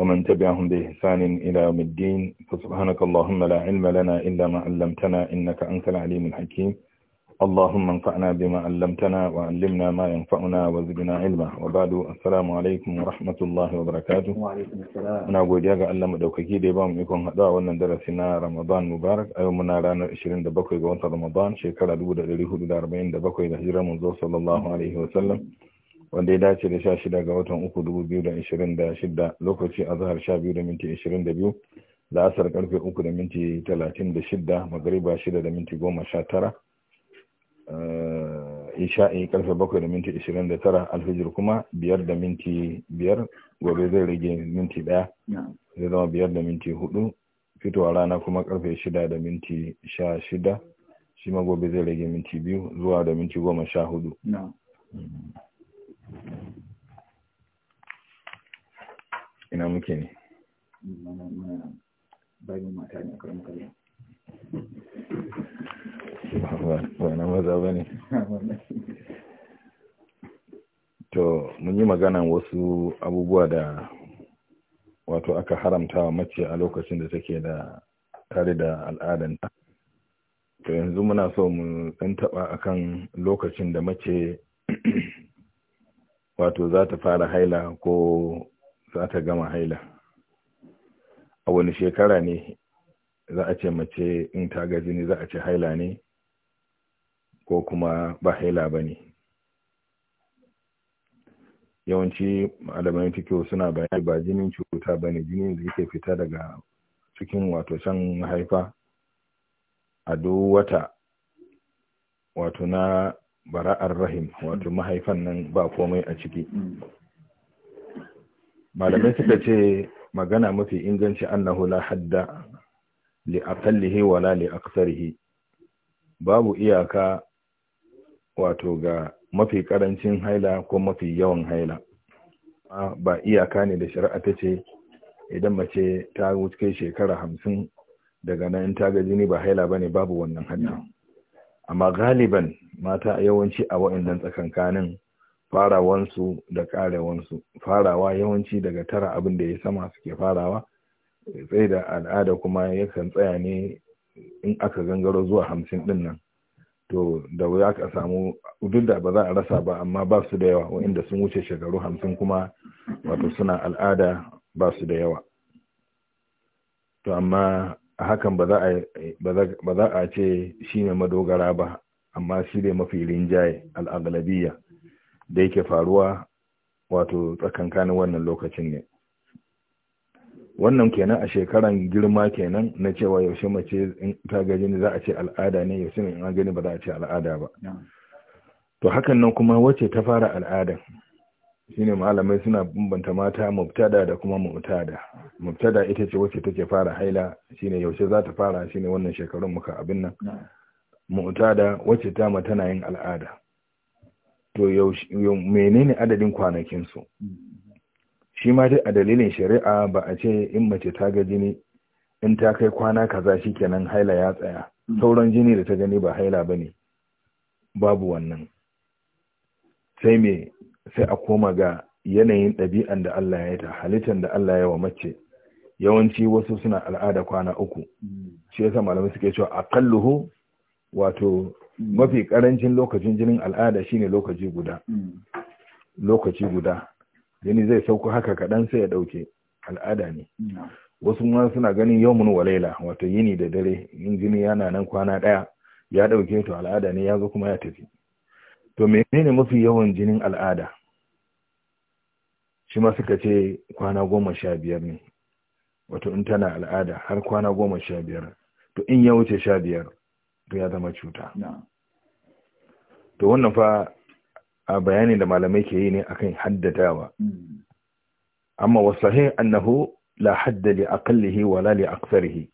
ومن تبعهم بإحسان إلى يوم الدين فسبحانك اللهم لا علم لنا إلا ما علمتنا إنك أنت العليم الحكيم اللهم انفعنا بما علمتنا وعلمنا ما ينفعنا وزدنا علما وبعد السلام عليكم ورحمة الله وبركاته وعليكم السلام أنا أقول يا الله مدوكي دي بام يكون هذا وانا درسنا رمضان مبارك أيومنا رانا 20 دبقوا يقوان رمضان شكرا دبودة لليهود داربين دبقوا إلى هجرة منذ صلى الله عليه وسلم wanda ya dace da sha shida ga watan uku dubu biyu da ishirin da shida lokaci a zahar sha biyu da minti ishirin da biyu da asar karfe uku da minti talatin da shida magariba shida da minti goma sha tara eh, isha'i karfe bakwai da minti ishirin da tara alfijir kuma biyar da minti biyar gobe zai rage minti daya zai zama biyar da minti hudu fitowa rana kuma karfe shida da minti sha shida shi ma gobe zai rage minti biyu zuwa da minti goma sha hudu ina muke ne wane maza ba ne to mun yi magana wasu abubuwa da wato aka haramta wa mace a lokacin da take da tare da al'adanta to yanzu muna so mu ɗan taɓa akan lokacin da mace wato za ta fara haila ko za ta gama haila a wani shekara ne za a ce mace in ta gaji ne za a ce haila ne ko kuma ba haila ba ne yawanci malamai fikiyo suna bayani ba jinin cuta ba ne jinin da yake fita daga cikin wato can haifa a duk wata wato na bara'ar rahim wato mahaifan nan ba komai a ciki malamai suka ce magana mafi inganci annahu la hadda li aqallihi wala li aktharihi babu iyaka wato ga mafi karancin haila ko mafi yawan haila ba iyaka ne da shari'a ta ce idan mace ta wuce shekara hamsin daga nan ta ga jini ba haila bane babu wannan hadda amma galiban mata yawanci a wa'annan tsakankanin farawansu da karewansu farawa yawanci daga tara abin da ya sama suke farawa Sai da al'ada kuma yakan tsaya ne in aka gangaro zuwa hamsin din nan to da wuya ka samu duk da ba za a rasa ba amma ba su da yawa wa'inda sun wuce shekaru hamsin kuma wato suna al'ada ba su da yawa to amma a hakan ba za a ce shi ne madogara ba amma shi ne mafi rinjaye al'agalabiya da yake faruwa wato tsakankanin wannan lokacin ne wannan kenan a shekaran girma kenan na cewa yaushe mace in ta gaji ne za a ce al'ada ne yaushe ne in an gani ba za a ce al'ada ba to hakan nan kuma wacce ta fara al'ada? shine malamai suna bambanta mata mubtada da kuma mu'tada mubtada ita ce wacce take fara haila shine yaushe za ta fara shine wannan shekarun muka abin nan mu'tada wacce ta ma tana yin al'ada to menene adadin kwanakin su shi ma dai a dalilin shari'a ba a ce in mace ta ga jini in ta kai kwana kaza shi kenan haila ya tsaya mm. sauran jini da ta gani ba haila bane babu wannan sai me sai a koma ga yanayin ɗabi'an da Allah ya yi ta halittar da Allah ya wa mace yawanci wasu suna al'ada kwana uku shi yasa malamai suke cewa aqalluhu wato mafi karancin lokacin jinin al'ada shine lokaci guda lokaci guda jini zai sauko haka kaɗan sai ya ɗauke al'ada ne wasu ma suna ganin yawmun walaila wato yini da dare in jini yana nan kwana ɗaya ya ɗauke to al'ada ne ya zo kuma ya tafi to menene mafi yawan jinin al'ada shi ma suka ce kwana goma sha biyar ne wato in tana al'ada har kwana goma sha biyar to in ya wuce sha biyar to ya zama cuta to wannan fa a bayani da malamai ke yi ne akan haddadawa mm. amma wasahin annahu la haddali li wala li aktsarihi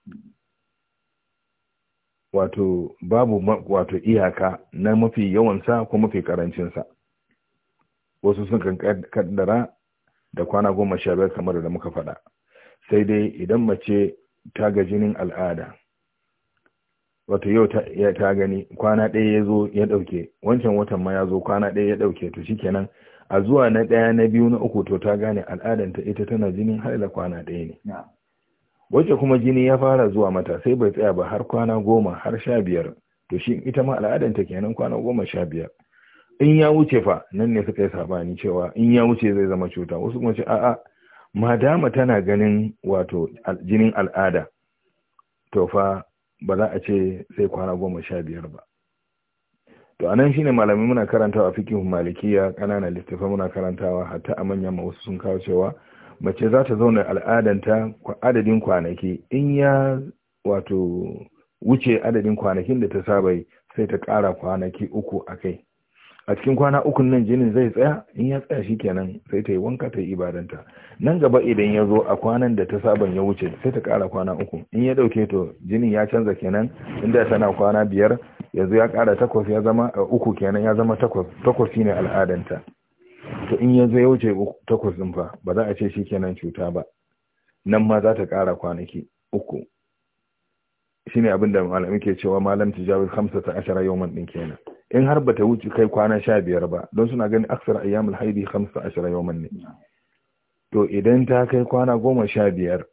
wato babu wato iyaka na mafi yawansa ko mafi karancinsa wasu sun kan kaddara da kwana goma sha biyar kamar da muka faɗa sai dai idan mace ta ga jinin al'ada wato yau ta gani kwana ɗaya ya zo ya ɗauke wancan watan ma ya zo kwana ɗaya ya ɗauke to shikenan a zuwa na ɗaya na biyu na uku to ta gane al'adanta ita tana jinin har da kwana ɗaya ne wacce kuma jini ya fara zuwa mata sai bai tsaya ba har kwana goma har sha biyar to shi ita ma al'adanta kenan kwana goma sha biyar in ya wuce fa nan ne suka yi sabani cewa in ya wuce zai zama cuta wasu kuma ce a'a madama tana ganin wato jinin al'ada to fa ba za a ce sai kwana goma sha biyar ba to nan shine malami muna karantawa fikin malikiya ƙananan littafai muna karantawa hatta a manyan ma wasu sun kawo cewa mace za ta zauna al'adanta adadin kwanaki in ya wato wuce adadin kwanakin da ta saba yi sai ta ƙara kwanaki uku a kai a cikin kwana ukun nan jinin zai tsaya in ya tsaya shi kenan sai ta yi wanka ta yi ibadanta nan gaba idan ya zo a kwanan da ta saban ya wuce sai ta kara kwana uku in ya ɗauke to jinin ya canza kenan inda tana kwana biyar yanzu ya kara takwas ya zama uku kenan ya zama takwas takwas shine al'adanta to in yanzu ya wuce takwas ɗin fa ba za a ce shi kenan cuta ba nan ma za ta ƙara kwanaki uku shi ne abin da malami ke cewa malam tijawar hamsa ta ashara man ɗin kenan in har ba ta wuce kai kwana sha biyar ba don suna ganin aksar ayyamul haidi hamsa ashara man ne to idan ta kai kwana goma sha biyar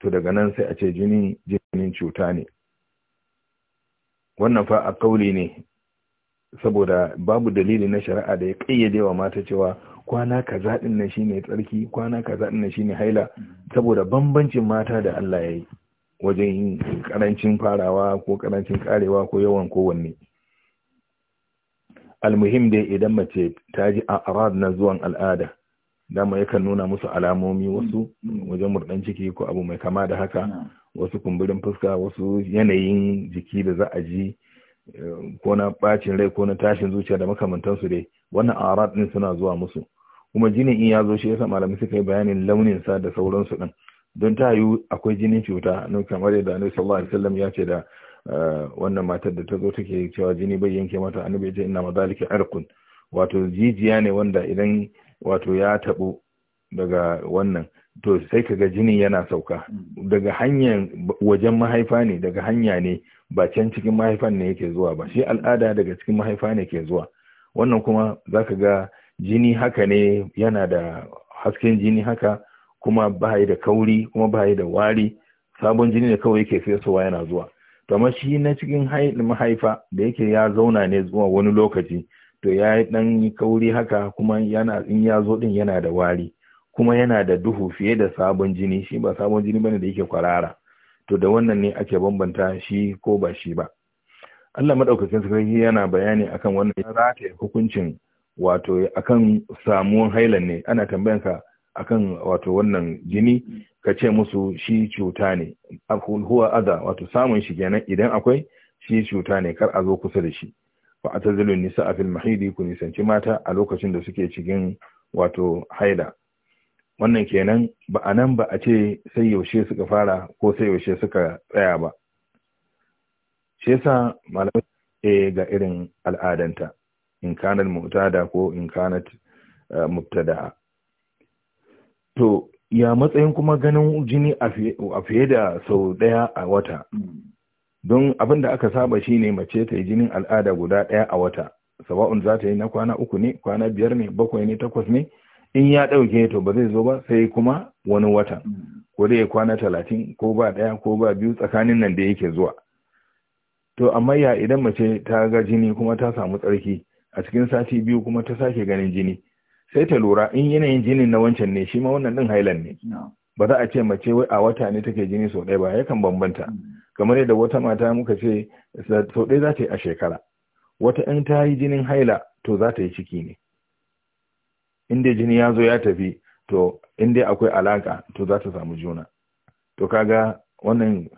to daga nan sai a ce jinin jinin cuta ne wannan fa a kauli ne saboda babu dalili na shari'a da ya kayyade wa mata cewa kwana kaza din nan shine tsarki kwana kaza din nan shine haila saboda bambancin mata da Allah ya yi wajen karancin farawa ko karancin karewa ko yawan kowanne almuhim dai idan mace ta ji a a'rad na zuwan al'ada dama yakan nuna musu alamomi wasu wajen murdan ciki ko abu mai kama da haka hmm. wasu kumburin fuska wasu yanayin jiki da za a ji ko na bacin rai ko na tashin zuciya da makamantansu dai wannan arad din suna zuwa musu kuma jinin in ya zo shi yasa malamai suka yi bayanin launin sa da sauransu din don ta yi akwai jinin cuta nan kamar yadda annabi sallallahu alaihi wasallam ya ce da eh, wannan matar da ta zo take cewa jini bai yanke mata annabi ya ce inna madalika irqun wato jijiya ne wanda idan wato ya tabu daga wannan to sai ka ga jinin yana sauka mm. daga hanyar wajen mahaifa ne daga hanya ne ba can cikin mahaifan ne yake zuwa ba shi al'ada daga cikin mahaifa ne ke zuwa wannan kuma za ka ga jini haka ne yana da hasken jini haka kuma ba da kauri kuma ba da wari sabon jini da kawai yake fesowa yana zuwa to amma shi na cikin mahaifa da yake ya zauna ne zuwa wani lokaci to ya yi dan kauri haka kuma yana in ya zo din yana da wari kuma yana da duhu fiye da sabon jini shi ba sabon jini bane da yake kwarara to da wannan ne ake bambanta shi ko ba shi ba Allah madaukakin sarki yana bayani akan wannan ta rata hukuncin wato akan samuwar hailan ne ana tambayanka akan wato wannan jini ka ce musu shi cuta ne huwa adha wato samun shi kenan idan akwai shi cuta ne kar a zo kusa da shi fa atazilun nisa fil mahidi ku nisanci mata a lokacin da suke cikin wato haila wannan kenan ba a nan ba a ce sai yaushe suka fara ko sai yaushe suka tsaya ba shi yasa malamai e ga irin al'adanta in kanat mu'tada ko in kanat eh, mubtada to ya matsayin kuma ganin jini a fiye da sau daya a wata don abin da aka saba shine mace ta yi jinin al'ada guda daya a wata sawa'un za ta yi na kwana uku ne kwana biyar ne bakwai ne takwas ne in ya ɗauke to ba zai zo ba sai kuma wani watan. Mm. ko dai ya kwana talatin ko ba ɗaya ko ba biyu tsakanin nan da yake zuwa to amma ya idan mace ta ga jini kuma ta samu tsarki a cikin sati biyu kuma ta sake ganin jini sai ta lura in yanayin jinin na wancan ne shi ma wannan ɗin hailan ne ba za a ce mace wai a wata ne take jini sau ɗaya ba yakan bambanta mm. kamar yadda wata mata muka ce sau ɗaya za ta yi a shekara wata in ta yi jinin haila to za ta yi ciki ne inda jini ya zo ya tafi to inda akwai alaka to za ta samu juna to kaga wannan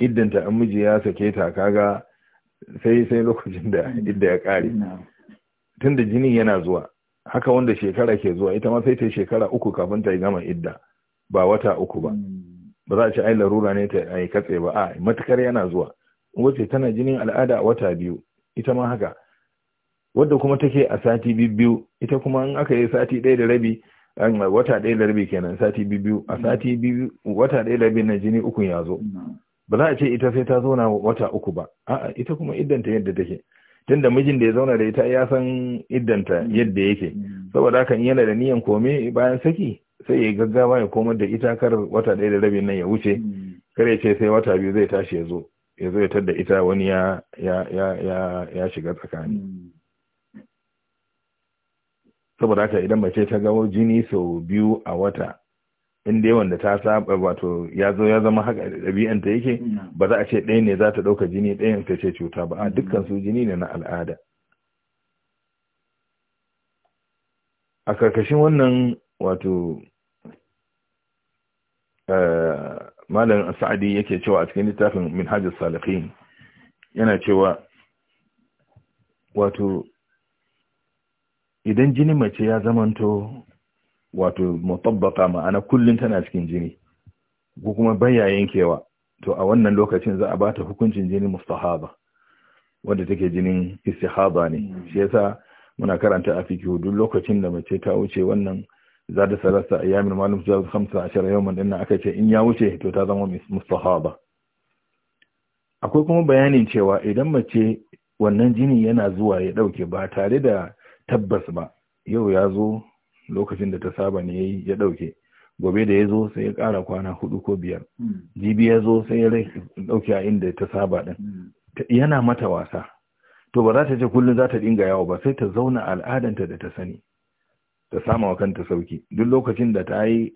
iddanta an miji ya sake ta kaga sai sai lokacin da idda ya kare tunda jini yana zuwa haka wanda shekara ke zuwa ita ma sai ta shekara uku kafin ta gama idda ba wata uku ba ba za a ci ai larura ne ta ai katse ba a matukar yana zuwa wace tana jinin al'ada wata biyu ita ma haka wadda kuma take a sati biyu ita kuma in aka yi sati ɗaya da rabi wata ɗaya da rabi kenan sati biyu a sati biyu wata ɗaya da rabi na jini uku ya zo mm. ba za a ce ita sai ta zauna wata uku ba a'a ita kuma iddanta yadda take tunda mijin da ya zauna da ita ya san iddanta mm. yadda yake mm. saboda haka yana da niyan kome bayan saki sai ya gaggawa ya komar da ita kar wata ɗaya da rabi nan ya wuce kar ce sai wata biyu zai tashi ya zo ya zo ya tadda ita wani ya ya ya ya shiga tsakani saboda haka idan mace ta ga jini sau biyu a wata in dai wanda ta saba wato ya zo ya zama haka da ɗabi'anta yake mm. ba za a ce ɗaya ne za ta ɗauka jini ɗayan ta ce cuta ba a mm. dukkan su jini ne na al'ada a karkashin wannan wato eh, malam sa'adi yake cewa a cikin littafin minhajus salihin yana cewa wato idan jinin mace ya zamanto wato mutabbaka ma'ana kullum tana cikin jini ko kuma baya yankewa to a wannan lokacin za a bata hukuncin jinin mustahaba wanda take jinin istihaba ne shi yasa muna karanta a fikihu duk lokacin da mace ta wuce wannan za da salasa a yamin malum zuwa hamsa a shirya yawan dinnan aka ce in ya wuce to ta zama mustahaba akwai kuma bayanin cewa idan mace wannan jini yana zuwa ya ɗauke, ba tare da tabbas ba yau ya zo lokacin da ta saba ne ya ɗauke gobe da ya zo sai ya kara kwana hudu ko biyar hmm. jibi ya zo sai ya dauke a inda ta saba ɗin hmm. yana mata wasa to ba za ta ce kullum za ta dinga yawo ba sai ta zauna al'adanta da ta sani ta sama wa kanta sauki duk lokacin da ta yi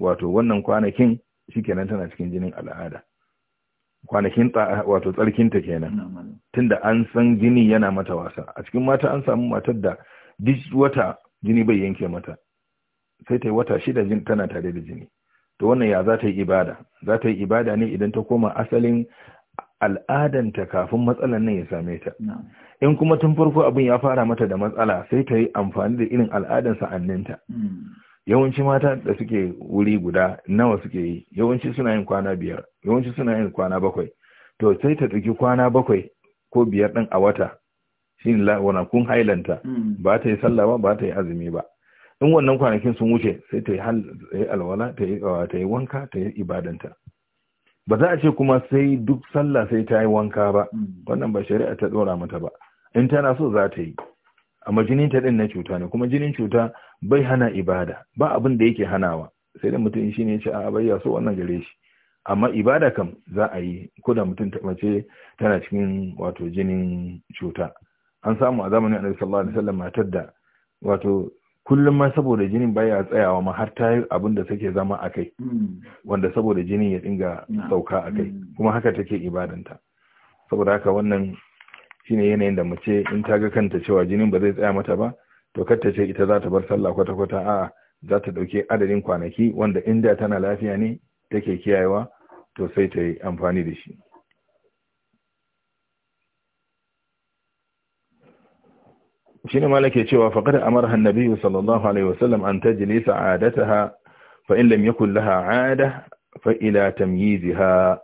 wato wannan kwanakin shi kenan tana cikin jinin al'ada kwanakin wato tsarkinta kenan tunda an san jini yana mata wasa a cikin mata an samu matar da duk wata jini bai yanke mata sai ta yi wata shida jin tana tare da jini to wannan ya za ta yi ibada za ta yi ibada ne idan ta koma asalin al'adanta kafin matsalan nan ya same ta in kuma tun farko abin ya fara mata da matsala sai ta yi amfani da irin al'adar sa'anninta hmm. yawanci mata da suke wuri guda nawa suke yi yawanci suna yin kwana biyar yawanci suna yin kwana bakwai to sai ta ɗauki kwana bakwai ko biyar ɗin a wata shi kun hailanta hmm. ba ta yi sallah ba ba ta yi azumi ba in wannan kwanakin sun wuce sai ta yi alwala ah, ta yi wanka ta yi ibadanta ba za a ce kuma sai duk sallah sai ta yi wanka ba hmm. wannan ba shari'a ta ɗora mata ba in tana so za ta yi amma jinin ta ɗin na cuta ne kuma jinin cuta bai hana ibada ba abin da yake hanawa sai da mutum shi ne ya ce a bai so wannan gare shi amma ibada kam za a yi ko da mutum mace tana cikin wato jinin cuta an samu a zamanin annabi sallallahu alaihi wasallam matar da wato kullum ma saboda jinin baya tsayawa ma har ta abin da take zama akai kai wanda saboda jinin ya dinga sauka akai kuma haka take ibadanta saboda haka wannan shine yanayin da mace in ta ga kanta cewa jinin ba zai tsaya mata ba to kar ta ce ita za ta bar sallah kwata kwata a za ta dauke adadin kwanaki wanda inda tana lafiya ne take kiyayewa to sai ta yi amfani da shi shine malake cewa faqad amara annabi sallallahu alaihi wasallam an tajlisa adataha fa in lam yakul laha ada fa ila tamyiziha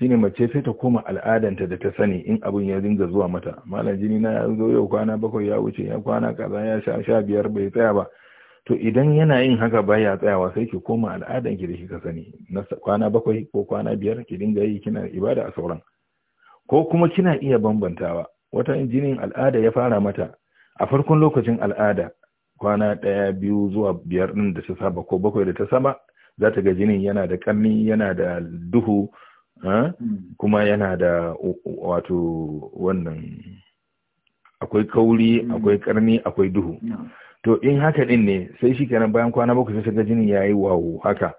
shine mace sai ta koma al'adanta da ta sani in abin ya dinga zuwa mata malam jini na ya zo yau kwana bakwai ya wuce ya kwana kaza ya sha sha biyar bai tsaya ba to idan yana yin haka baya tsayawa sai ki koma al'adan ki da kika sani na kwana bakwai ko kwana biyar ki dinga yi kina ibada a sauran ko kuma kina iya bambantawa wata jinin al'ada ya fara mata a farkon lokacin al'ada kwana ɗaya biyu zuwa biyar ɗin da ta saba ko bakwai da ta saba za ta ga jinin yana da ƙarni yana da duhu Hmm. kuma yana da wato wannan akwai kauri hmm. akwai karni akwai duhu to in haka din ne sai shi kenan bayan kwana bakwai sai ga jinin yayi wawo haka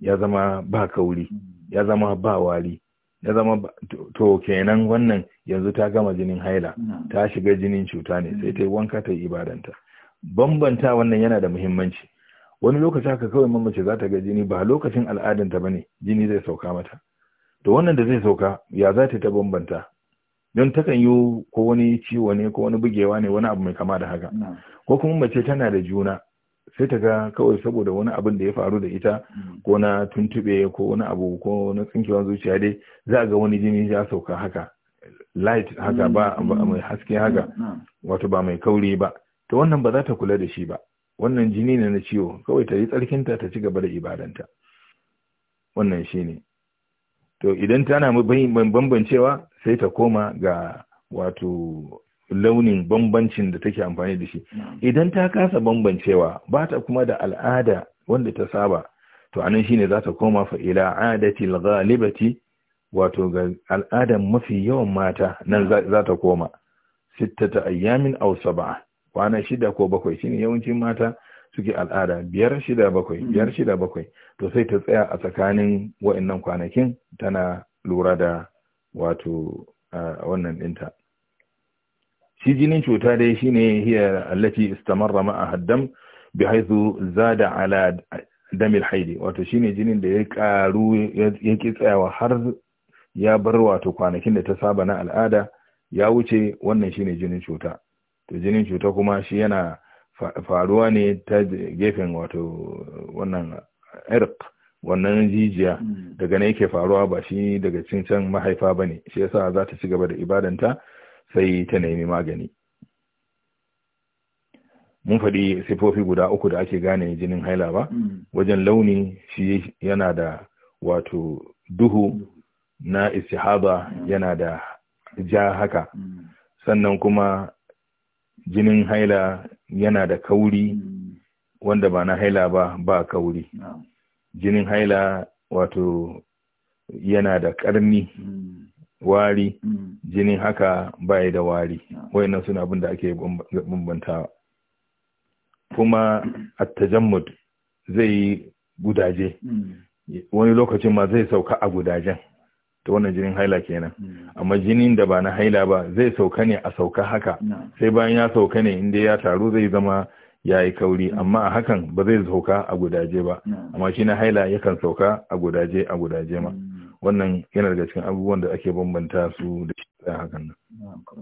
ya zama ba kauri hmm. ya zama ba wari ya zama to kenan wannan yanzu ta gama jinin haila ta shiga jinin cuta ne sai ta yi wanka ta yi ibadanta bambanta wannan yana da muhimmanci wani lokaci haka kawai mamace za ta ga jini ba lokacin al'adanta ba ne jini zai sauka mata Da wannan da zai sauka ya za ta ta bambanta don takan yi ko wani ciwo ne ko wani bugewa ne wani abu mai kama da haka ko kuma mace tana da juna sai ta ga kawai saboda wani abin da ya faru da ita mm. ko na tuntube ko wani abu ko na tsinkewar zuciya dai za a ga wani jini ya sauka haka light haka ba mm. mai haske haka mm. wato ba mai kauri ba to wannan ba za ta kula da shi ba wannan jini ne na ciwo kawai ta yi tsarkinta ta ci gaba da ibadanta wannan shine to idan tana bambancewa sai ta koma ga wato launin bambancin da take amfani da shi idan ta kasa bambancewa ba ta kuma da al'ada wanda ta saba to anan shine za ta koma fa ila adati ghalibati wato ga al'adan mafi yawan mata nan za ta koma sittata ayyamin aw sab'a kwana shida ko bakwai shine yawancin mata suke al'ada biyar shida bakwai biyar mm-hmm. shida bakwai to sai ta tsaya a tsakanin wa'annan kwanakin tana lura da wato wannan ɗinta shi jinin cuta dai shine hiya allati istamarra a haddam bi za zada ala damil haidi wato shine jinin da ya karu ya ki tsayawa har ya bar wato kwanakin da ta saba na al'ada ya wuce wannan shine jinin cuta to jinin cuta kuma shi yana faruwa ne ta gefen wato wannan irk wannan jijiya hmm. daga na yake faruwa ba shi daga cincin mahaifa ba ne shi yasa za ta ci gaba da ibadanta sai ta nemi magani mun faɗi sifofi guda uku da ake gane jinin haila ba hmm. wajen launi shi yana da wato duhu hmm. na istihaba yana da ja haka sannan kuma jinin haila yana da kauri hmm. wanda ba na haila ba ba kauri jinin haila wato yana da ƙarni hmm. wari hmm. jinin haka baya da wari wayannan suna abin da ake bambantawa kuma attajammud zai gudaje wani lokacin ma zai sauka a gudajen ta wannan jinin haila kenan hmm. amma jinin da ba na haila ba zai sauka ne a sauka haka sai bayan ya sauka ne inda ya taru zai zama ya yi kauri hmm. amma a hakan ba zai sauka a gudaje ba amma shi na haila yakan sauka a gudaje a gudaje ma hmm. wannan yana daga cikin abubuwan da ake bambanta su da shi a hakan nan ko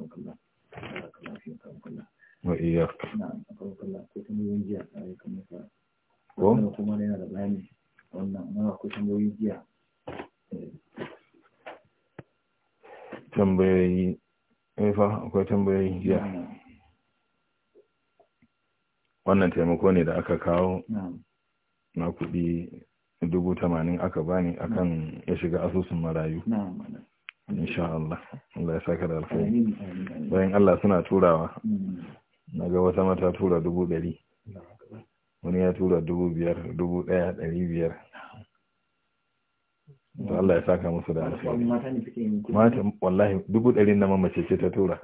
tambayoyi Haifa eh akwai tambayoyi jiya mm. wannan taimako ne da aka kawo mm. na kuɗi dubu tamanin aka bani akan mm. ya shiga asusun marayu insha Allah Allah ya saka da alkhairi bayan Allah suna turawa na ga wata mata tura dubu ɗari wani ya tura dubu biyar dubu ɗaya ɗari biyar to Allah ya saka musu da alheri mata wallahi dubu ɗari na mamace ce ta tura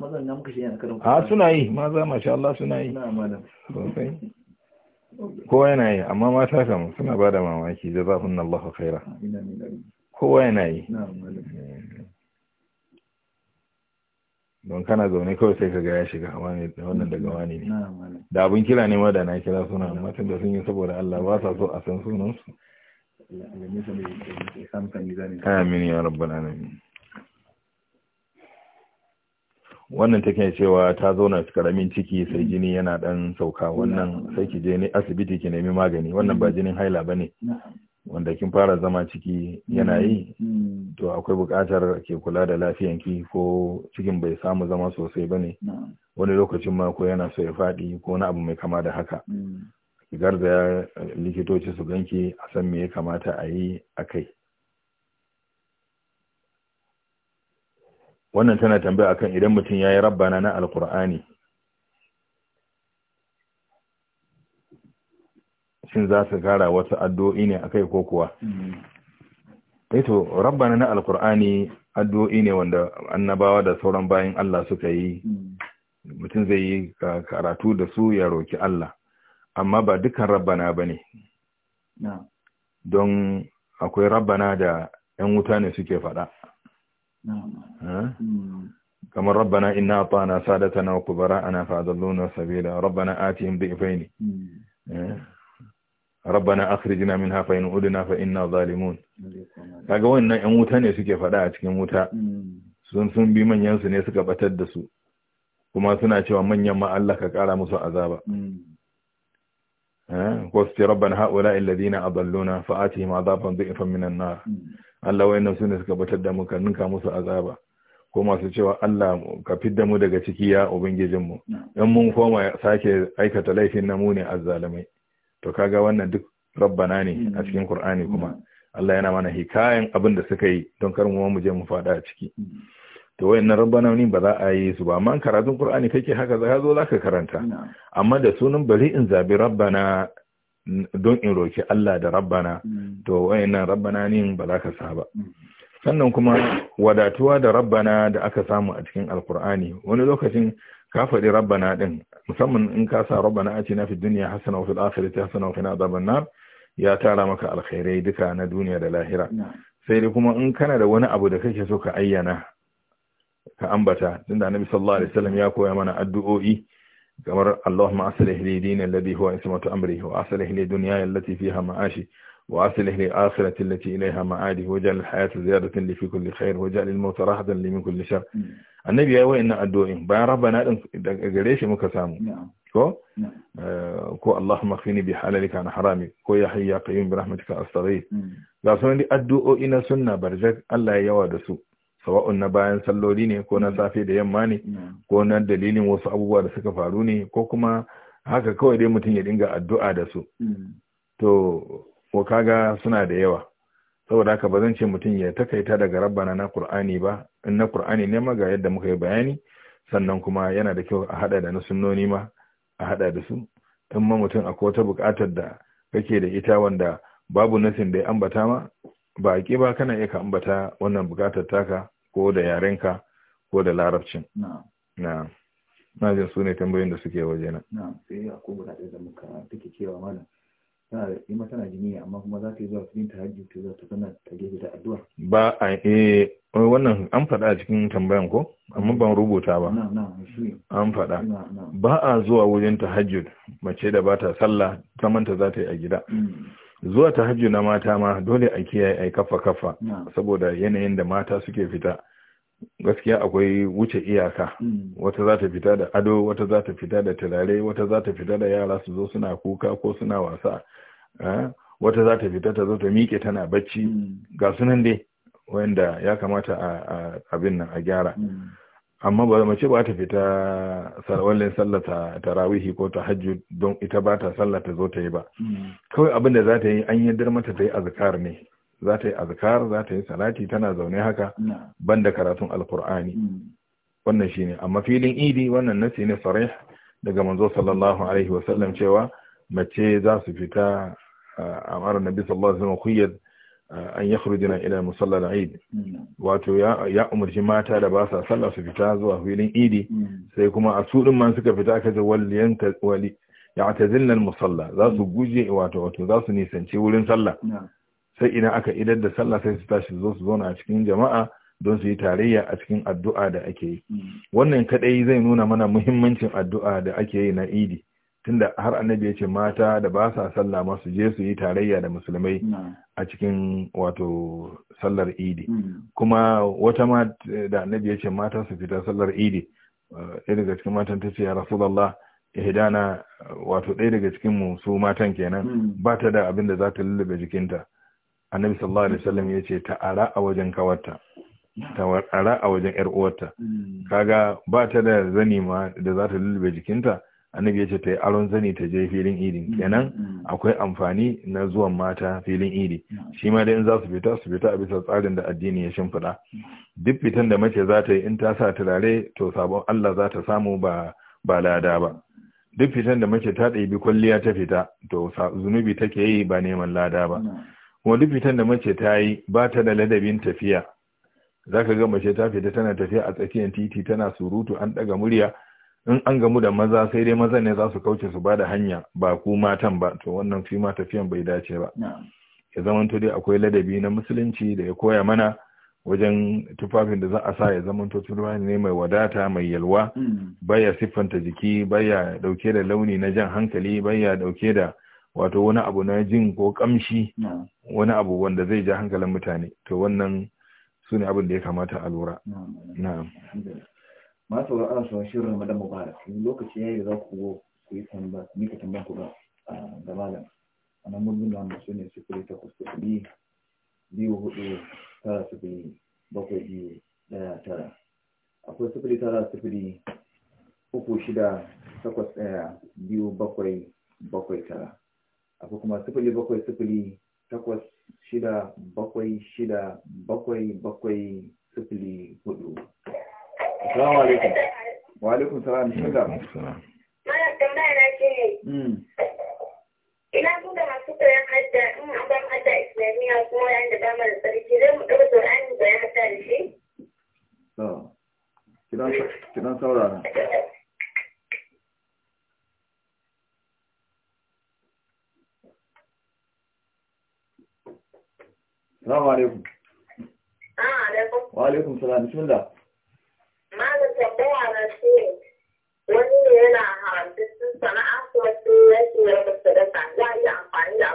a suna yi maza masha Allah suna yi sosai kowa yana yi amma mata kam suna ba da mamaki jazahunna Allahu khaira kowa yana yi eh. don kana zaune kawai sai ka ga ya shiga wannan daga wani ne da abin kira ne ma da na kira suna amma tun da sun yi saboda Allah ba sa so a san sunansu amin ya rabbal alamin wannan take cewa ta zauna karamin ciki sai mm. jini yana dan sauka wannan mm. sai ki je ne asibiti ki nemi magani wannan ba mm. jinin haila ba ne. wanda kin fara zama ciki yana yi to akwai bukatar ke kula da ki, ko cikin bai samu zama sosai ba ne. wani lokacin ma ko yana so ya faɗi ko wani abu mai kama da haka garzaya likitoci su ganki a san me ya kamata a yi a kai wannan tana tambaya akan idan mutum ya yi rabbana na alkur'ani shin za su gara wasu addu'o'i ne a kai ko kuwa eto eh rabbana na alkur'ani addu'o'i ne wanda annabawa da sauran bayan Allah suka yi mm. mutum zai yi karatu da su ya roki Allah amma ba dukan rabbana ba ne don akwai rabbana da 'yan wuta ne suke faɗa eh? hmm. kamar rabbana inna atana sadatana wa kubara'ana fa adalluna sabila rabbana atihim ne hmm. eh? rabbana akhrijna minha fa in udna fa inna zalimun kaga wannan yan wuta ne suke faɗa a cikin wuta hmm. sun sun bi manyansu ne suka batar da su kuma suna cewa manyan ma'allaka ka kara musu azaba Eh? wasu rabban ha'ula illadina adalluna fa'atihim azaban dhifan minan nar hmm. Allah wayannan sune suka batar da mu ka ninka musu azaba ko masu cewa Allah ka fidda mu daga ciki ya ubangijin mu hmm. in mun koma sake aikata laifin namu ne azzalimai to kaga wannan duk rabbana ne a hmm. cikin Qur'ani kuma Allah yana mana hikayen abin da suka yi don kar mu mu je mu fada a ciki to wayannan ne ba za a yi su ba amma karatun qur'ani kake haka za ka zo zaka karanta amma da sunan bari in zabi rabbana don in roki Allah da rabbana mm. to rabbana ne ba za ka saba mm. sannan kuma wadatuwa da rabbana da aka samu a cikin alqur'ani wani lokacin ka faɗi rabbana din musamman in ka sa rabbana cikin fid dunya hasana wa fil akhirati hasana wa qina adhaban nar ya tara maka alkhairai duka na duniya da lahira sai dai kuma in kana da wani abu da kake so ka ayyana ka ambata tunda annabi sallallahu alaihi wasallam ya koya mana addu'o'i kamar Allahumma aslih li dini alladhi huwa ismatu amri wa aslih li dunyaya allati fiha ma'ashi وأصلح للآخرة التي إليها معادي وجعل الحياة زيادة لي في كل خير وجعل الموت راحة لي من كل شر annabi yayi wayannan addu'o'in Ba rabbana din daga gare shi muka samu ko eh, ko Allahumma khfini bi halalika an harami ko ya hayya qayyum bi rahmatika astaghith hmm. ga sunan addu'o'i na sunna barzak Allah ya yawa da su sawa'un na bayan salloli ne ko na mm. safe da yamma ne mm. ko na dalilin wasu abubuwa da suka faru ne ko kuma haka kawai dai mutum ya dinga addu'a da su mm. to ko kaga suna da yawa saboda haka ba zan ce mutum ya takaita daga rabbana na qur'ani ba in na qur'ani ne ma ga yadda muka yi bayani sannan kuma yana da kyau a hada da na sunnoni ma a hada da su in ma mutum akwai wata buƙatar da kake da ita wanda babu nasin da ya ambata ma ba a ba kana iya ka ambata wannan bukatar taka ko da yarenka ko da larabcin na na jin su ne tambayoyin da suke waje na na sai ya ko guda ɗaya da muka take cewa mana tana da ima tana jini amma kuma za ta yi zuwa filin tahajjud ta zuwa ta zana ta gefe da addu'a ba a eh wannan an faɗa a cikin tambayan ko amma ban rubuta ba an faɗa ba a zuwa wajen tahajjud mace da ba ta sallah zamanta za ta yi a gida mm. zuwa ta hajji na mata ma dole a kiyaye a kafa kafa saboda yanayin da mata suke fita gaskiya akwai wuce iyaka mm. wata za ta fita da ado wata za ta fita da turare wata za ta fita da yara su zo suna kuka ko suna wasa wata za ta fita ta zo ta miƙe tana bacci mm. ga sunan dai wanda ya kamata a abin nan a gyara mm. amma ba mace ba ta fita sarwallin sallata ta rawihi ko ta hajji don ita ba ta sallata ta zo ta yi ba hmm. kawai abin da za ta yi an yaddar mata ta yi azkar ne za ta yi azkar za ta yi salati tana zaune haka banda karatun alkur'ani hmm. wannan shine amma filin idi wannan nasi ne sarih daga manzo sallallahu alaihi wa sallam cewa mace za su fita a mara nabi sallallahu alaihi wa sallam an ya khurujina ila musallar al wato ya umarci mata da ba sa sallah su fita zuwa filin idi sai kuma a su din man suka fita aka waliyan wali ta zinnan musalla za su guje wato wato za su nisanci wurin sallah sai idan aka idar da sallah sai su tashi zo su zauna a cikin jama'a don su yi tarayya a cikin addu'a da ake yi wannan kadai zai nuna mana muhimmancin addu'a da ake yi na idi tunda har annabi ya ce mata da ba sa sallah ma su je su yi tarayya da musulmai a cikin wato sallar idi hmm. kuma wata ma da annabi ya ce mata su fita sallar idi eh, ɗaya daga cikin matan ta ce ya rasulallah ihdana eh, wato ɗaya daga cikin mu su matan kenan hmm. ba ta da abin da za ta lullube jikinta annabi sallallahu alaihi wasallam ya ce ta ara a wajen kawarta ta ara a wajen yar uwarta hmm. kaga ba ta da zani ma da za ta lullube jikinta annabi ya ce ta yi aron zani ta je filin idi mm-hmm. kenan mm-hmm. akwai amfani na zuwan mata filin idi mm-hmm. shi ma dai in za su fita su fita a bisa tsarin da addini ya shimfiɗa duk fitan da mace za ta yi in ta sa turare to sabon Allah za ta samu ba ba lada ba duk fitan da mace ta ɗebi kwalliya ta fita to zunubi take yi ba neman lada ba kuma duk fitan da mace ta yi ba ta da ladabin tafiya zaka ga mace ta fita tana tafiya a tsakiyar titi tana surutu an ɗaga murya in an gamu da maza sai dai maza ne za su kauce su bada hanya ba ku matan ba to wannan fi ma tafiyan bai dace ba ya zamanto dai akwai ladabi na musulunci da ya koya mana wajen tufafin da za a sa ya zamanto tufafi ne mai wadata mai yalwa mm. baya siffanta jiki baya dauke da launi na jan hankali baya dauke da wato wani abu na jin ko kamshi wani abu wanda zai ja hankalin mutane to wannan su ne abin da ya kamata a lura na'am ma sauraro ana sauraro shirin ramadan mubarak yanzu lokaci ya yi da za ku ku yi tamba mika tamba ku ba da malam a nan mun nuna masu ne ta takwas sufuri biyu hudu tara sufuri bakwai biyu daya tara akwai sufuri tara sufuri uku shida takwas ɗaya biyu bakwai bakwai tara akwai kuma sufuri bakwai sufuri takwas shida bakwai shida bakwai bakwai sufuri hudu Assalamu alaikum. Wa alaikum salam. Shin ga mu. Mana tambaya na shi ne. Hmm. Ina so da masu koyon hadda in an ba hadda Islamiyya kuma yayin da ba da sarki zai mu ɗaga Qur'ani da ya hadda da shi. To. Kidan kidan saurara. Assalamu alaikum. Ah, alaikum. Wa alaikum salam. Bismillah. Malam tambaya na shi wani ne yana haramtattun sana'a amfani da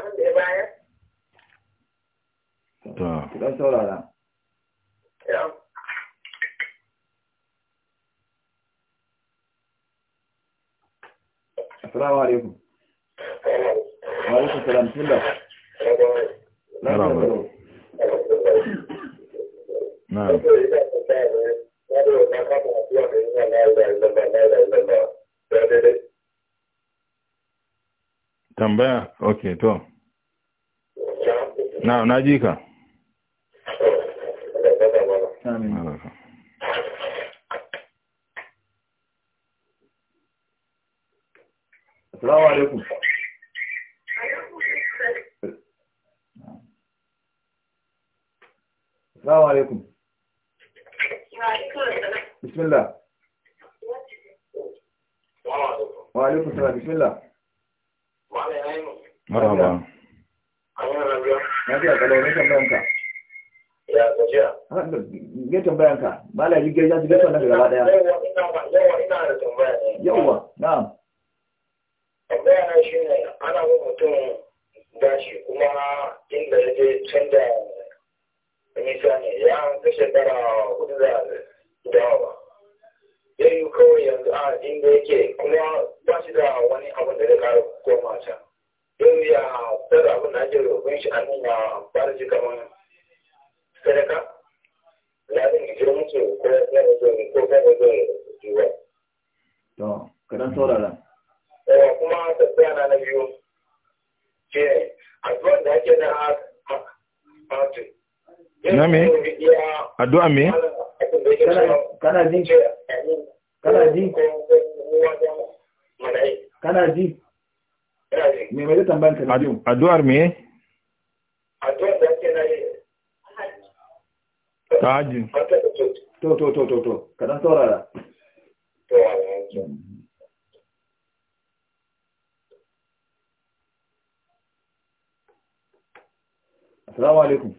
abin da ya okay toa. na najika ce ko zan zo ne ko zan zo ne jiwa na na biyu ce na me addu'a me kana ji kana ji kana ji me mai ka addu'ar me addu'ar da ake na yi ta hajji to to to to to kaɗan saurara Assalamu alaikum.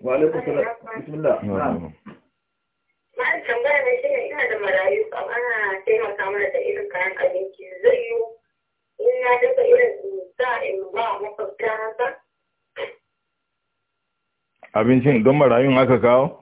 Wa alaikum salam. Bismillah. Ma'aikin tambaya na shi ne ina da marayu amma ana taimaka mana da irin kayan abinci zai yi in na daga irin sa in ba makwabta haka. Abincin don marayun aka kawo?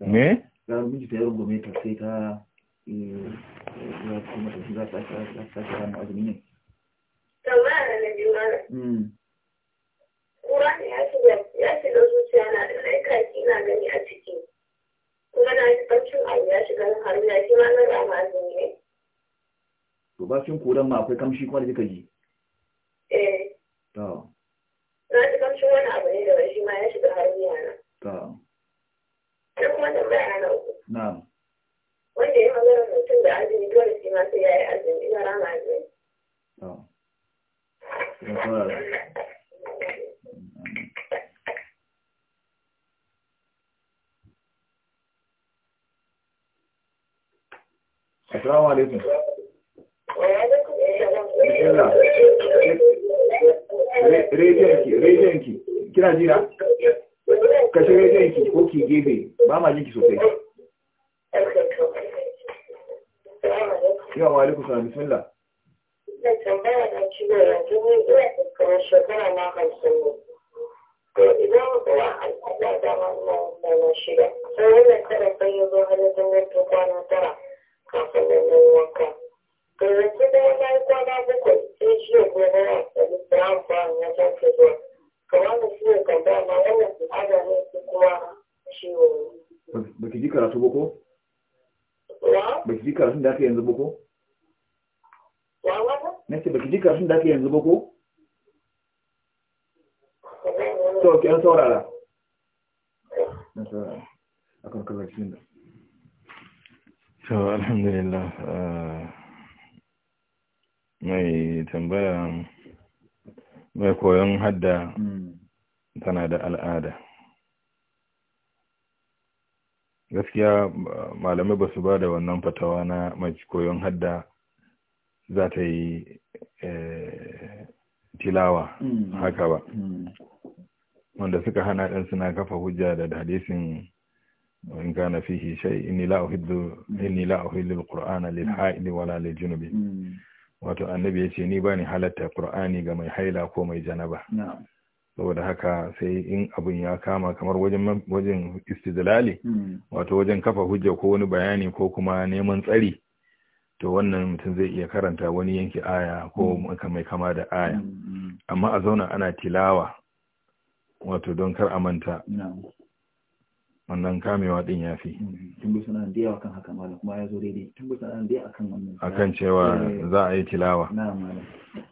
Me? Ya miji ta yi rungume ta sai ta eh, ya kuma ta shi za ta sake azumi ne. da na biyu hmm. na gani a ciki. Kuma na abu ya shiga ma ne. akwai kamshi kuma da kika ji. Eh. To. Na ji kamshin wani abu ne da shi ma ya shiga haruna na. ta da kuma wanda ya magana mutum da azumi dole shi ma sai ya yi azumi ina rama azumi ta السلام عليكم ريجينكي ريجينكي كنا ka shiga rediyon ki ko ke gebe ba ma jinki sosai yawa alaikum salam bismillah da tambaya na ciwo yanzu ni ina kamar shekara na hamsin ne to idan kuma al'ada da na na shida sai wannan karan sai ya zo har yanzu kwana tara kafin na yi wanka to yanzu da wani kwana bakwai sai shi ya gona a tsanin da amfani ya sake zuwa kamar da ciwon na ne kuma ji karatu ji da yanzu boko? ko? na ji da yanzu an saurara na saurara akan kallon da So alhamdulillah eh, mai tambaya mai koyon hadda hmm. tana da al'ada gaskiya malamai ba su ba da wannan fatawa na mai koyon hadda za ta yi eh, tilawa hmm. haka ba hmm. wanda suka hana ɗan suna kafa hujja da hadisin in kana fihi shai inni la inni la al-qur'ana lil-ha'ili wala lil-junubi wato annabi ya ce ni bani ni halatta qur'ani ga mai haila ko mai janaba saboda haka sai in abun ya kama kamar wajen wajen istidlali hmm. wato wajen kafa hujja ko wani bayani ko kuma neman tsari to wannan mutum zai iya karanta wani yanki aya ko hmm. mai kama da aya hmm, amma a zauna ana tilawa wato don kar a manta wannan kamewa din ya fi mm, tumbusana da yawa kan haka malam kuma ya zo daidai tumbusana da yawa kan wannan akan cewa eh, za a yi tilawa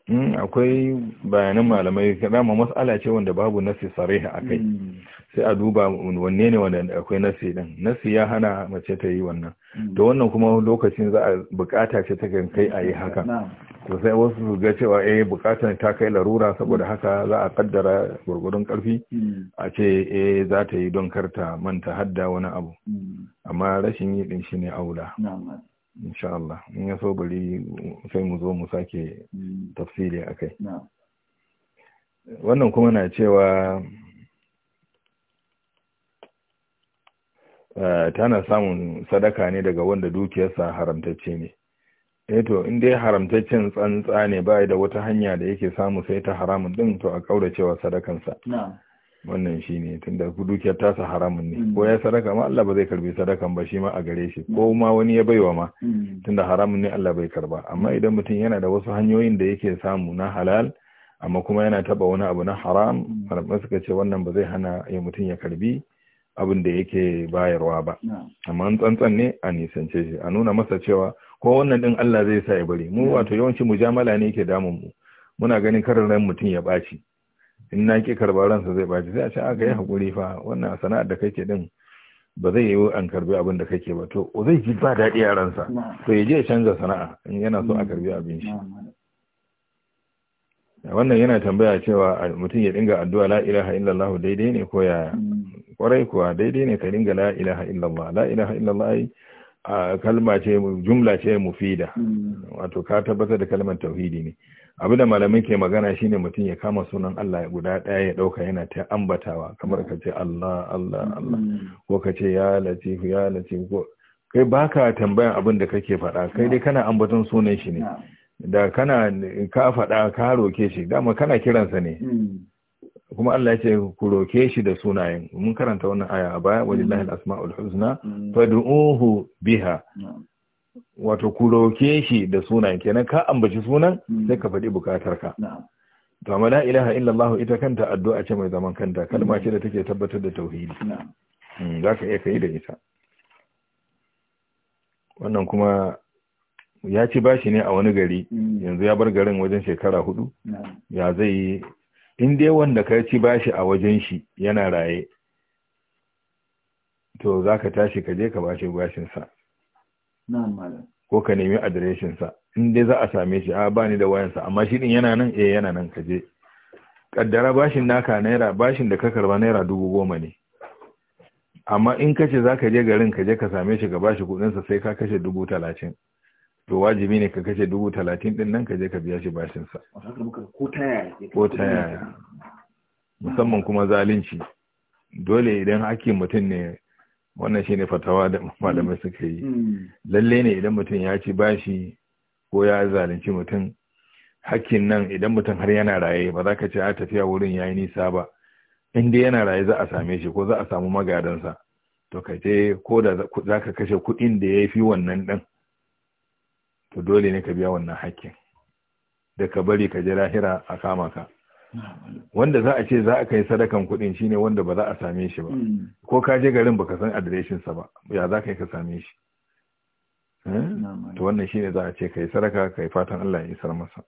mm, akwai bayanan malamai ma mas'ala ce wanda babu nasi sariha a kai mm. sai a duba wanne ne wanda akwai nasi din nasi ya hana mace ta yi wannan da wannan kuma lokacin za a bukata ce ta kai a yi haka to sai wasu su ga cewa eh bukatar ta kai larura saboda mm. haka za a kaddara gurgurun karfi mm. a ce eh za ta yi don karta manta hadda wani abu mm. amma rashin yi din ne aula insha Allah in ya so bari sai mu zo mu sake tafsiri akai wannan kuma na cewa Eh, tana samun sadaka ne daga wanda dukiyarsa haramtacce ne eh to in dai haramtaccen tsantsa ne ba da wata hanya da yake samu sai ta haramun din to a kauracewa sadakansa wannan shi ne tun da dukiyar tasa haramun ne mm. ko ya sadaka ma Allah ba zai karbi sadakan ba shi ma a gare shi ko ma wani ya baiwa ma mm. tun da haramun ne Allah bai karba amma idan mutum yana da wasu hanyoyin da yake samu na halal amma kuma yana taba wani abu na haram mm. malamai suka ce wannan ba zai hana ya mutum ya karbi abin da yake bayarwa ba amma tsantsan ne a nisance shi a nuna masa cewa ko wannan din Allah zai sa ya bari mu wato yawanci mujamala ne yake damun mu muna ganin karin ran mutum ya baci in na ki karba ransa zai baci sai a ce aka yi hakuri fa wannan sana'ar da kake din ba zai yi an karbi abin da kake ba to zai ji ba daɗi a ransa to ya je ya canza sana'a in yana so a karbi abin shi wannan yana tambaya cewa mutum ya dinga addu'a la ilaha illallah daidai ne ko ya mm. kwarai kuwa daidai ne ka dinga la ilaha illallah la ilaha illallah ai kalma ce jumla ce mufida mm. wato ka tabbatar da kalmar tauhidi ne abin da malamin ke magana shine mutum ya kama sunan Allah guda ɗaya ya ɗauka yana ta ambatawa kamar ka ce Allah Allah Allah mm. ko ka ce ya latif ya latif ko kai baka tambayan abin da kake faɗa kai dai kana ambaton sunan shi ne da kana ka faɗa ka roke shi dama kana kiransa ne hmm. kuma Allah ya ce ku roke shi da sunayen mun karanta wannan aya a baya walillahi hmm. al-asma'ul husna hmm. fad'uhu biha wato ku roke shi da sunayen kenan ka ambaci sunan sai ka faɗi bukatarka to amma la ilaha illallah ita kanta addu'a ce mai zaman kanta kalma ce da take tabbatar da tauhidi za ka iya kai da ita wannan kuma ya ci bashi ne a wani gari mm. yanzu ya bar garin wajen shekara hudu ya zai yi in dai wanda ka ci bashi a wajen shi yana raye to za ka tashi ka je ka bashi bashinsa ko ka nemi adireshinsa in dai za a same shi a ba ni da wayansa amma shi din yana nan eh yana nan ka je kaddara bashin naka naira bashin da ka karba naira dubu goma ne amma in ka ce za ka je garin ka je ka same shi ka bashi kudinsa sai ka kashe dubu talatin to wajibi ne ka kashe dubu talatin din nan ka je ka biya shi bashinsa ko ta yaya musamman kuma zalunci dole idan hakkin mutum ne wannan shine fatawa da malamai suka yi hmm. lalle ne idan mutum ya ci bashi ko ya zalunci mutum hakkin nan idan mutum har yana raye ba za ka ce a tafiya wurin ya yi nisa ba in dai yana raye za a same shi ko za a samu magadansa to ka je ko da za ka kashe kuɗin da ya fi wannan ɗin. to dole ne ka biya wannan hakkin da ka bari ka ji lahira a kama ka wanda za a ce za a kai sadakan kuɗin shine wanda ba za a same shi ba hmm. ko ka je garin baka san sa ba ya za ka yi ka same shi eh? to wannan shine za a ce kai sadaka kai fatan Allah ya isar masa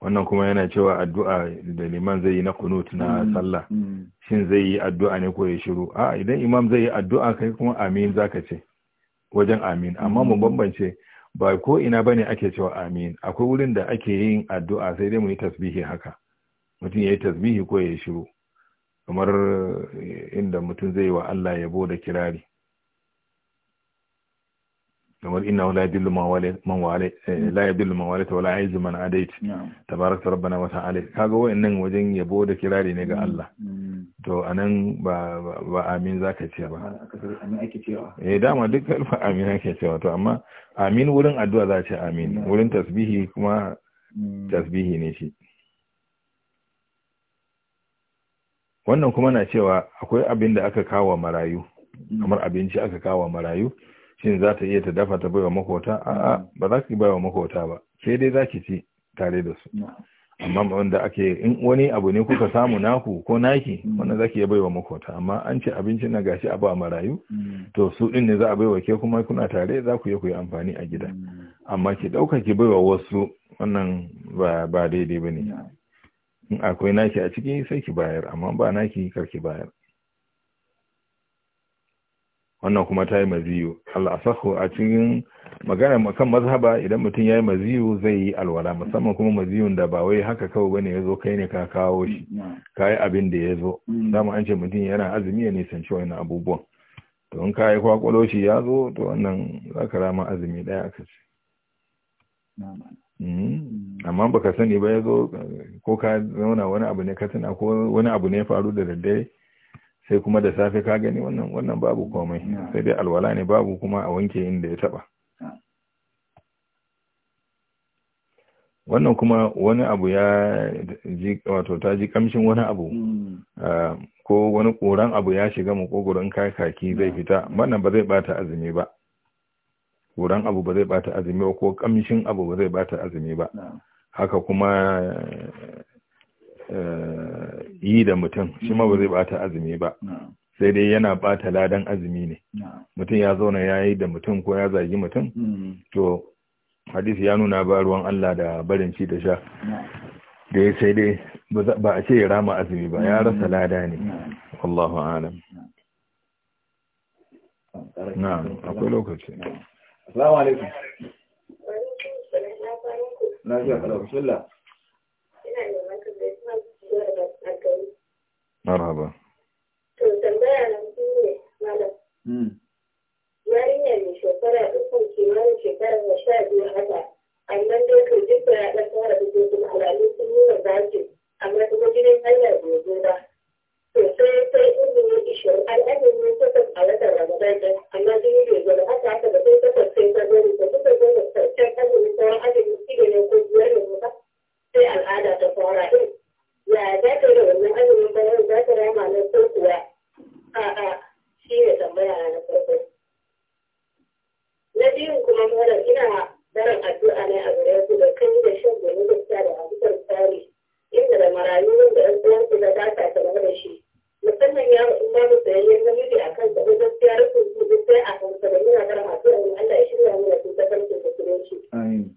wannan kuma yana cewa addu'a da liman zai yi na kunut na hmm, sallah hmm. shin zai yi addu'a ne ko ya shiru a idan imam zai yi addu'a kai kuma amin zaka ce wajen amin amma mu mm. bambance ba ko ina ba ne ake cewa amin akwai wurin da ake yin addu'a sai dai mu yi tasbihi haka mutum ya yi tasbihi ko ya yi shiru kamar eh, inda mutum zai wa Allah yabo da kirari kamar inna wala yadillu man wale man wale la yadillu man wale wala aizu man adait tabaraka rabbana wa ta'ala kaga wayannan wajen yabo da kirari ne ga Allah to anan ba ba amin zaka ce ba amin ake cewa eh dama duk alfa amin ake cewa to amma amin wurin addu'a za ce amin wurin tasbihi kuma tasbihi ne shi wannan kuma na cewa akwai abin da aka kawo marayu kamar abinci aka kawo marayu shin za ta iya ta dafa ta baiwa makota a'a ba za ki baiwa makota ba sai dai za ki ci tare da su amma wanda ake in wani abu ne kuka samu naku ko naki mm. wannan ki iya baiwa makota amma an ce abincin na gashi abu a marayu mm. to su din ne za a baiwa ke kuma kuna tare za ku yi ku yi amfani a gida amma ki ɗauka ki baiwa wasu wannan ba ba daidai bane in akwai naki a ciki sai ki bayar amma ba naki kar ki bayar wannan kuma ta yi maziyu al'asahu a cikin magana kan mazhaba idan mutum ya yi maziyu zai yi alwala musamman kuma maziyun da ba wai haka kawai bane ya zo kai ne ka kawo shi ka yi abin da ya zo mm. dama an ce mutum yana azumi ya nisanci wani abubuwan to in ka yi kwakwalo shi ya zo to wannan za ka rama azumi ɗaya aka ce mm. Mm. amma baka sani ba ya zo ko ka zauna wani abu ne ka tuna ko wani abu ne ya faru da daddare sai kuma da safe ka gani wannan wannan babu komai sai dai alwala ne babu kuma a wanke inda ya taba wannan kuma wani abu ya ji wato ta ji kamshin wani abu mm. ah, ko wani koran abu ya shiga makogoron kakaki zai fita wannan ba zai bata azumi ba koran abu ba zai bata azumi ba ko kamshin abu ba zai bata azumi ba haka kuma eh, yi da mutum shi ma ba zai bata azumi ba sai dai yana bata ladan azumi ne mutum ya zauna ya yi da mutum ko ya zagi mutum mm-hmm. to hadisi ya nuna ba ruwan Allah da barin ci da sha da sai dai ba a ce ya rama azumi ba ya rasa mm-hmm. lada ne Allahu alam na'am akwai lokaci assalamu alaikum a kalau bismillah marhaba to tambaya na shi ne malam yarinya mai shekara uku kimanin shekara da sha biyu haka amma dai kan jikta ya ɗan fara fito kuma alamu sun nuna zaki amma kuma gidan hanya bai zo ba to sai sai izini ishirin al'adun ne takwas a watan ramadan ɗin amma jini bai zo ba haka haka da sai takwas sai ta zo da duka zo da karshen azumi sauran azumi ne ko biyar ne ba sai al'ada ta fara ɗin ya za ta yi da wannan azumin bayan za ta rama na ko kuwa a'a shi ne tambaya na farko na biyun kuma mara ina daren addu'a ne a gare su da kan da shan gumi gaskiya da abubuwan tsari inda da marayu da yan uwan su da ta ta tare da shi musamman ya in ba mu sayayyen namiji a kan tsaro gaskiya rufin su sai a kan ina daren addu'a ne Allah ya shirya mu da su ta farkin da su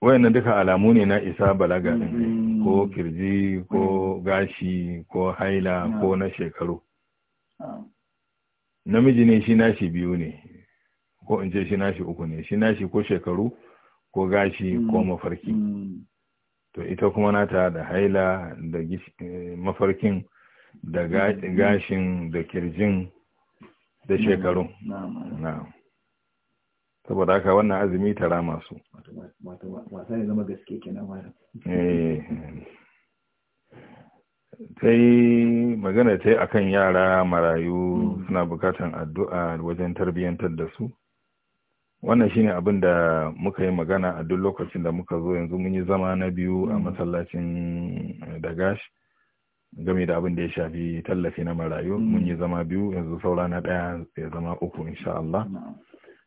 wayannan duka alamu ne na isa balaga ɗin mm-hmm. ko kirji ko mm-hmm. gashi ko haila ko na shekaru ah. namiji ne shi nashi biyu ne ko in ce shi nashi uku ne shi nashi ko shekaru ko gashi ko mm-hmm. mafarki to ita kuma nata da haila da eh, mafarkin da gashin da kirjin da shekaru. na'am saboda haka wannan azumi ta rama su zama gaske kenan eh. ta yi magana ta yi kan yara marayu mm. suna bukatan addu'a wajen tarbiyyantar da su wannan shine abin da muka yi magana a duk lokacin da muka zo yanzu mun yi zama na biyu a mm. masallacin eh, dagash game da abin da ya shafi tallafi na marayu mm. mun yi zama biyu yanzu saura na ɗaya ya zama uku insha Allah.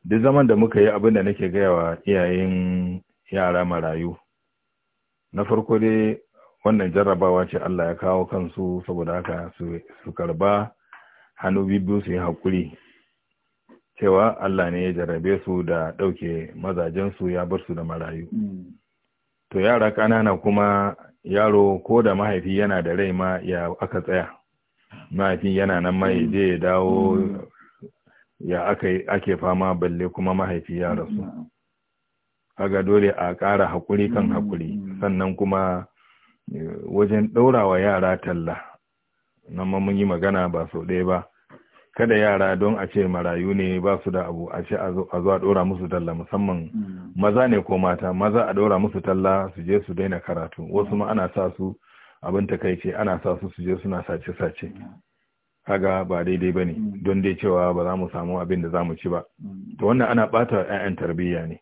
duk zaman da muka yi abin da nake gaya wa iyayen yara marayu na farko dai wannan jarrabawa ce Allah ya kawo kansu saboda haka su karba hannu biyu su yi haƙuri cewa Allah ne ya jarrabe su da ɗauke mazajensu ya bar su da marayu to yara ƙanana kuma yaro ko da mahaifi yana da rai ma ya aka tsaya mahaifi yana nan ma ya je ya dawo ya aka ake fama balle kuma mahaifi ya rasu mm-hmm. kaga dole a ƙara haƙuri kan mm-hmm. haƙuri sannan kuma e, wajen ɗaurawa yara talla nan ma mun yi magana ba sau ɗaya ba kada yara don a ce marayu ne ba su da abu a ce a zo ɗora musu talla musamman mm-hmm. maza ne ko mata maza a ɗora musu talla su je su daina karatu wasu ma ana sa su abin takaice ana sa su su je suna sace-sace kaga ba daidai ba ne mm. don dai cewa ba za mu samu abin da za mu ci ba mm. to wannan ana ɓata 'ya'yan tarbiyya ne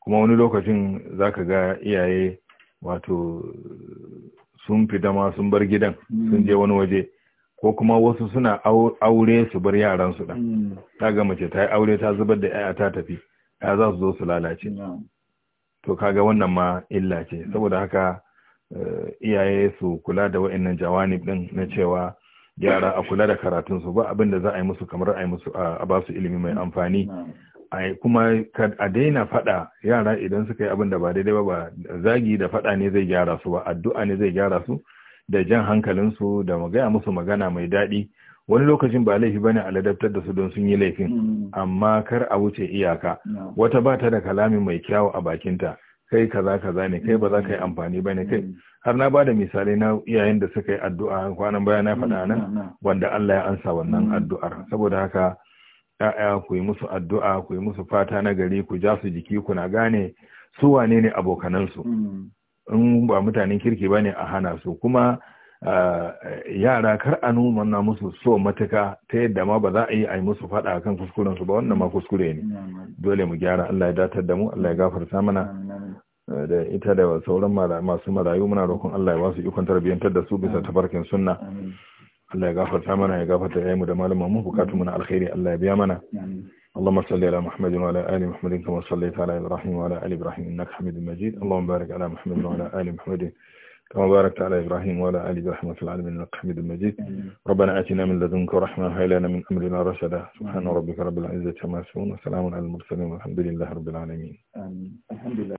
kuma wani lokacin za ka ga iyaye wato sun fita ma sun bar gidan mm. sun je wani waje ko kuma wasu suna aure su bar yaransu ɗan ta ga mace ta yi aure ta zubar da 'ya'ya ta tafi ya za su zo su lalace to kaga wannan ma illa ce saboda haka eh, iyaye su kula da wa'annan jawanib ɗin na cewa yara a kula da karatun su. ba abin da za a yi musu kamar a yi musu a ba su ilimi mai amfani kuma a daina faɗa yara idan suka yi abin da ba daidai ba ba zagi da faɗa ne zai gyara su ba addu'a ne zai gyara su da jan hankalin su, da magaya musu magana mai daɗi wani lokacin ba laifi bane a ladabtar da su don sun yi laifin mm. amma kar a wuce iyaka wata ba ta da kalami mai kyawu a bakinta kai kaza kaza ne kai ba za ka yi amfani bane kai mm. har na bada misalai na iyayen da suka yi addu'a kwanan baya na faɗa nan mm, mm, mm. wanda Allah ya ansa wannan addu'ar saboda haka ya'ya ku yi musu addu'a ku yi musu fata na gari ku ja su jiki ku na gane su wane ne abokanansu in ba mutanen kirki bane a hana su kuma yara kar a nuna musu so matuka ta yadda ma ba za a yi a yi musu faɗa a kan kuskurensu ba wannan ma kuskure ne dole mu gyara Allah ya datar da mu Allah ya gafarta mana da ita da sauran masu marayu muna roƙon Allah ya ba su ikon tarbiyyantar da su bisa tafarkin sunna Allah ya gafarta mana ya gafarta ya mu da malaman mu bukatu muna alkhairi Allah ya biya mana اللهم صل على محمد وعلى آل محمد كما صليت على إبراهيم وعلى آل إبراهيم إنك حميد مجيد اللهم بارك على محمد وعلى آل محمد كما باركت على إبراهيم وعلى آل إبراهيم في العالمين إنك حميد مجيد ربنا آتنا من لدنك رحمة هب لنا من أمرنا رشدا سبحان ربك رب العزة عما يصفون وسلام على المرسلين والحمد لله رب العالمين الحمد لله